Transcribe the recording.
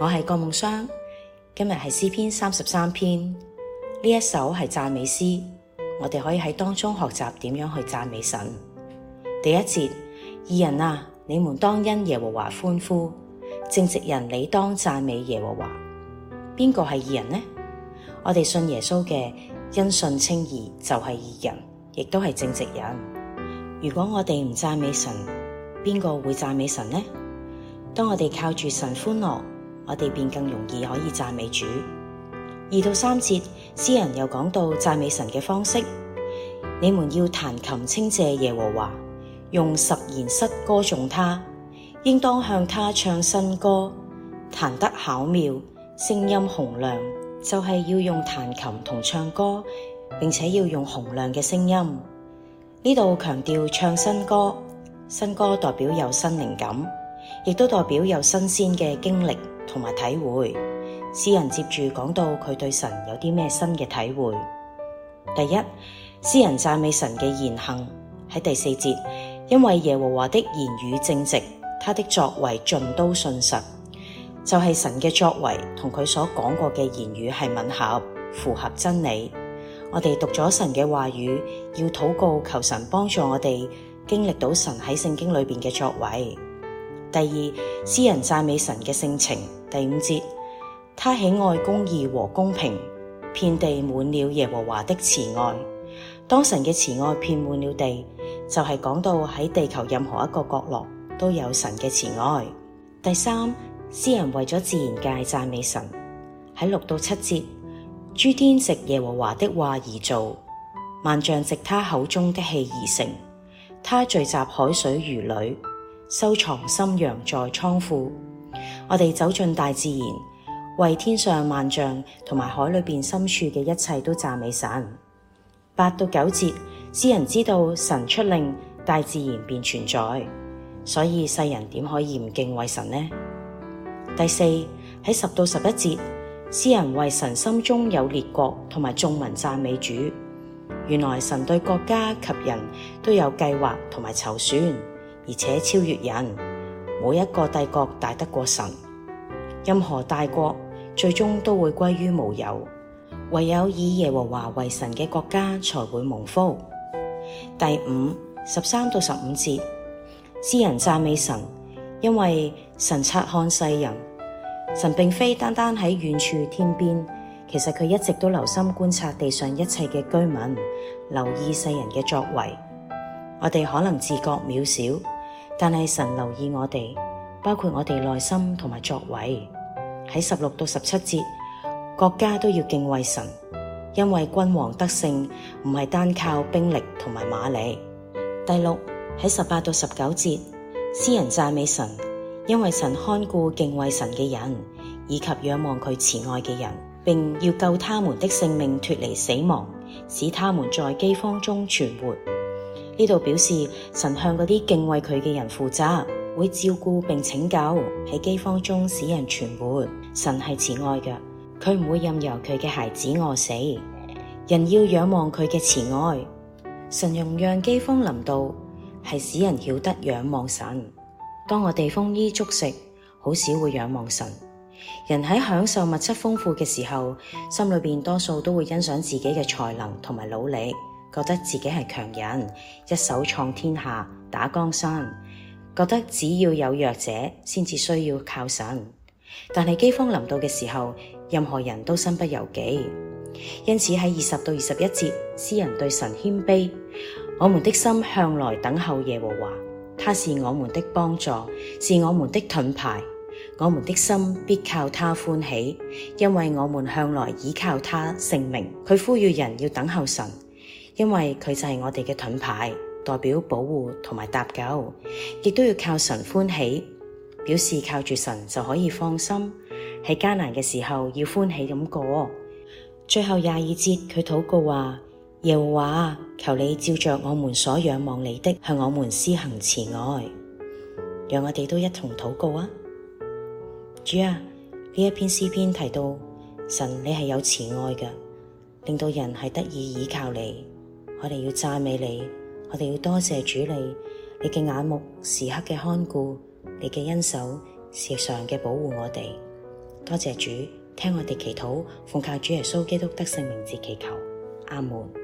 我係郭夢霜，今日係詩篇三十三篇。呢一首係讚美詩，我哋可以喺當中學習點樣去讚美神。第一節，義人啊，你們當因耶和華歡呼，正直人，你當讚美耶和華。邊個係義人呢？我哋信耶穌嘅，因信稱義就係義人，亦都係正直人。如果我哋唔讚美神，邊個會讚美神呢？當我哋靠住神歡樂，我哋便更容易可以讚美主。二到三節，詩人又講到讚美神嘅方式：你們要彈琴稱謝耶和華，用十弦瑟歌頌他，應當向他唱新歌，彈得巧妙，聲音洪亮。就係、是、要用彈琴同唱歌，並且要用洪亮嘅聲音。呢度強調唱新歌，新歌代表有新靈感。亦都代表有新鮮嘅經歷同埋體會，詩人接住講到佢對神有啲咩新嘅體會。第一，詩人讚美神嘅言行，喺第四節，因為耶和華的言語正直，他的作為盡都信實，就係、是、神嘅作為同佢所講過嘅言語係吻合、符合真理。我哋讀咗神嘅話語，要禱告求神幫助我哋經歷到神喺聖經裏面嘅作為。第二，詩人讚美神嘅性情。第五節，他喜愛公義和公平，遍地滿了耶和華的慈愛。當神嘅慈愛遍滿了地，就係、是、講到喺地球任何一個角落都有神嘅慈愛。第三，詩人為咗自然界讚美神。喺六到七節，諸天藉耶和華的話而造，萬象藉他口中的氣而成。他聚集海水如壘。收藏深洋在倉庫，我哋走進大自然，為天上萬象同埋海裏面深處嘅一切都讚美神。八到九節，詩人知道神出令，大自然便存在，所以世人點可以唔敬畏神呢？第四，喺十到十一節，詩人為神心中有列國同埋眾民讚美主。原來神對國家及人都有計劃同埋籌算。而且超越人，冇一個帝國大得過神。任何大國最終都會歸於無有，唯有以耶和華為神嘅國家才會蒙福。第五十三到十五節，詩人讚美神，因為神察看世人，神並非單單喺遠處天邊，其實佢一直都留心觀察地上一切嘅居民，留意世人嘅作為。我哋可能自覺渺小。但係神留意我哋，包括我哋內心同埋作為。喺十六到十七節，國家都要敬畏神，因為君王得勝唔係單靠兵力同埋馬力。第六喺十八到十九節，詩人讚美神，因為神看顧敬畏神嘅人，以及仰望佢慈愛嘅人，並要救他們的性命脫離死亡，使他們在饑荒中存活。呢度表示神向嗰啲敬畏佢嘅人負責，會照顧並拯救喺饑荒中使人存活。神係慈愛嘅，佢唔會任由佢嘅孩子餓死。人要仰望佢嘅慈愛。神容讓饑荒臨到，係使人曉得仰望神。當我哋豐衣足食，好少會仰望神。人喺享受物質豐富嘅時候，心裏邊多數都會欣賞自己嘅才能同埋努力。覺得自己係強人，一手創天下，打江山。覺得只要有弱者，先至需要靠神。但係饑荒臨到嘅時候，任何人都身不由己。因此喺二十到二十一節，詩人對神謙卑。我們的心向來等候耶和華，他是我們的幫助，是我們的盾牌。我們的心必靠他歡喜，因為我們向來倚靠他聖名。佢呼籲人要等候神。因為佢就係我哋嘅盾牌，代表保護同埋搭救，亦都要靠神歡喜，表示靠住神就可以放心。喺艱難嘅時候要歡喜咁過。最後廿二節佢禱告說話：耶和華啊，求你照着我們所仰望你的，向我們施行慈愛。讓我哋都一同禱告啊！主啊，呢一篇詩篇提到神你係有慈愛嘅，令到人係得以依靠你。我哋要讚美你，我哋要多謝主你，你嘅眼目時刻嘅看顧，你嘅恩手時常嘅保護我哋，多謝主，聽我哋祈禱，奉靠主耶穌基督得勝名字祈求，阿門。